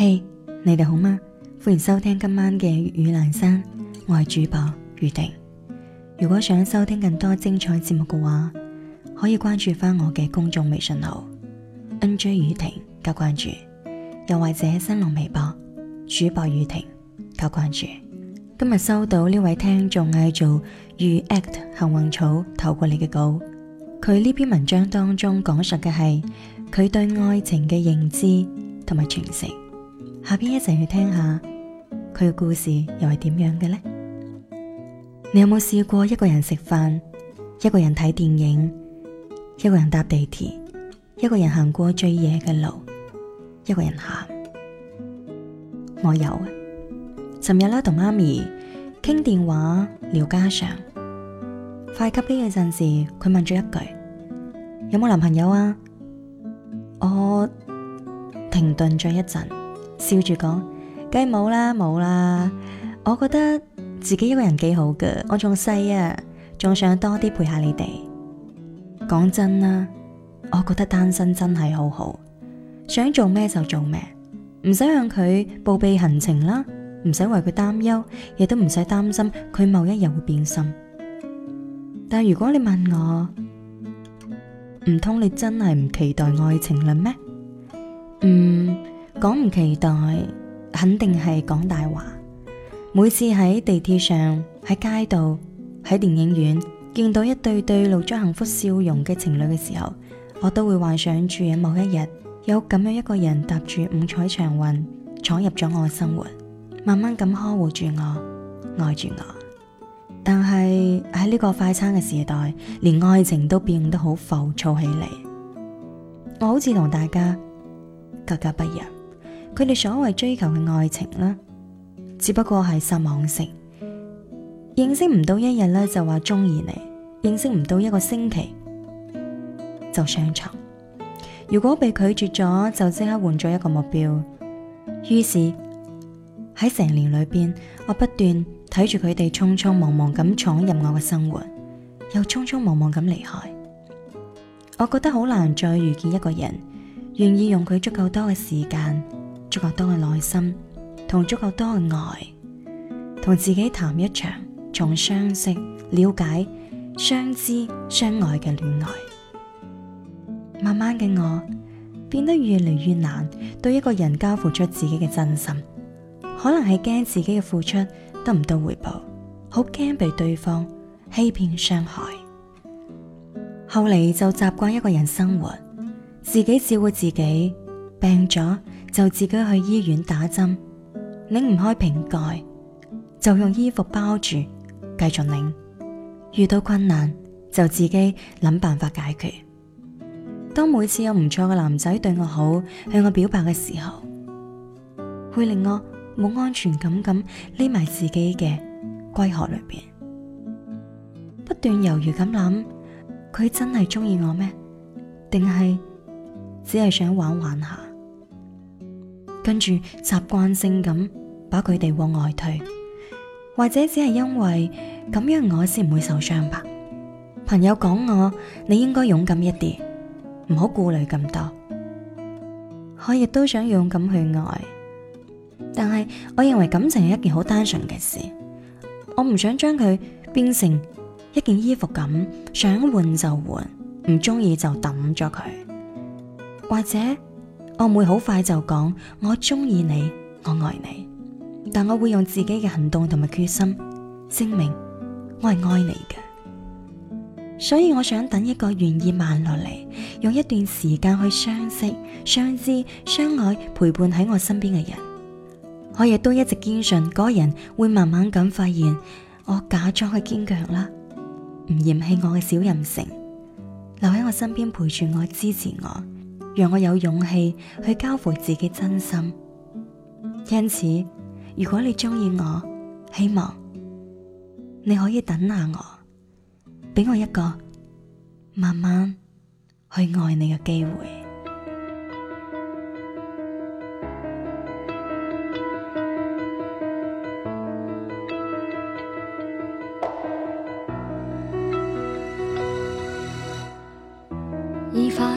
嘿，hey, 你哋好嗎？歡迎收聽今晚嘅粵語闌珊，我係主播雨婷。如果想收聽更多精彩節目嘅話，可以關注翻我嘅公眾微信號 n j 雨婷加關注，又或者新浪微博主播雨婷加關注。今日收到呢位聽眾嗌做遇、e、act 幸運草投過嚟嘅稿，佢呢篇文章當中講述嘅係佢對愛情嘅認知同埋詮釋。」下邊一齊去聽下佢嘅故事又係點樣嘅呢？你有冇試過一個人食飯，一個人睇電影，一個人搭地鐵，一個人行過最夜嘅路，一個人喊？我有。尋日咧同媽咪傾電話聊家常，快結束嘅陣時，佢問咗一句：有冇男朋友啊？我停頓咗一陣。笑住講：梗係冇啦，冇啦。我覺得自己一個人幾好噶，我仲細啊，仲想多啲陪下你哋。講真啦，我覺得單身真係好好，想做咩就做咩，唔使向佢報備行程啦，唔使為佢擔憂，亦都唔使擔心佢某一日會變心。但如果你問我，唔通你真係唔期待愛情啦咩？嗯。.講唔期待，肯定係講大話。每次喺地鐵上、喺街道、喺電影院見到一對對露咗幸福笑容嘅情侶嘅時候，我都會幻想住喺某一日有咁樣一個人踏住五彩祥雲闖入咗我嘅生活，慢慢咁呵護住我、愛住我。但係喺呢個快餐嘅時代，連愛情都變得好浮躁起嚟。我好似同大家格格不入。佢哋所謂追求嘅愛情啦，只不過係撒網式，認識唔到一日咧就話中意你，認識唔到一個星期就上床。如果被拒絕咗，就即刻換咗一個目標。於是喺成年裏邊，我不斷睇住佢哋匆匆忙忙咁闖入我嘅生活，又匆匆忙忙咁離開。我覺得好難再遇見一個人願意用佢足夠多嘅時間。足夠多嘅耐心，同足夠多嘅愛，同自己談一場從相識、了解、相知、相愛嘅戀愛。慢慢嘅我變得越嚟越難對一個人交付出自己嘅真心，可能係驚自己嘅付出得唔到回報，好驚被對方欺騙傷害。後嚟就習慣一個人生活，自己照顧自己，病咗，就自己去醫院打針，擰唔開瓶蓋，就用衣服包住繼續擰。遇到困難就自己諗辦法解決。當每次有唔錯嘅男仔對我好，向我表白嘅時候，會令我冇安全感咁匿埋自己嘅龜殼裏邊，不斷猶豫咁諗：佢真係中意我咩？定係只係想玩玩下？跟住習慣性咁把佢哋往外推，或者只係因為咁樣我先唔會受傷吧？朋友講我，你應該勇敢一啲，唔好顧慮咁多。我亦都想勇敢去愛，但係我認為感情係一件好單純嘅事，我唔想將佢變成一件衣服咁，想換就換，唔中意就抌咗佢，或者。我唔會好快就講我中意你，我愛你，但我會用自己嘅行動同埋決心證明我係愛你嘅。所以我想等一個願意慢落嚟，用一段時間去相識、相知、相愛，陪伴喺我身邊嘅人。我亦都一直堅信嗰個人會慢慢咁發現我假裝嘅堅強啦，唔嫌棄我嘅小任性，留喺我身邊陪住我支持我。讓我有勇氣去交付自己真心。因此，如果你中意我，希望你可以等下我，俾我一個慢慢去愛你嘅機會。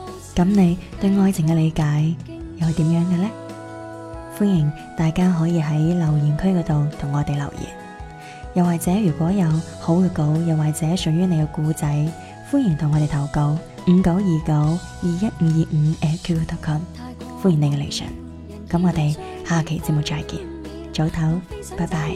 咁你對愛情嘅理解又係點樣嘅呢？歡迎大家可以喺留言區嗰度同我哋留言，又或者如果有好嘅稿，又或者屬於你嘅故仔，歡迎同我哋投稿五九二九二一五二五 @QQ.com，歡迎你嘅嚟信。咁我哋下期節目再見，早唞，拜拜。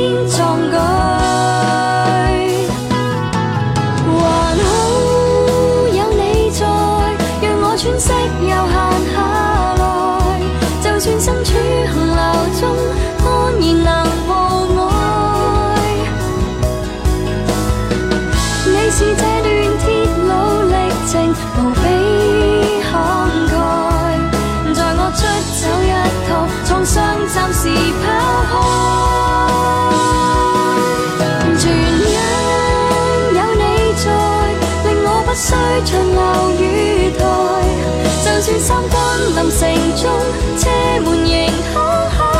時拋開，全因有你在，令我不需長留雨台，就算三更臨城中，車門仍開開。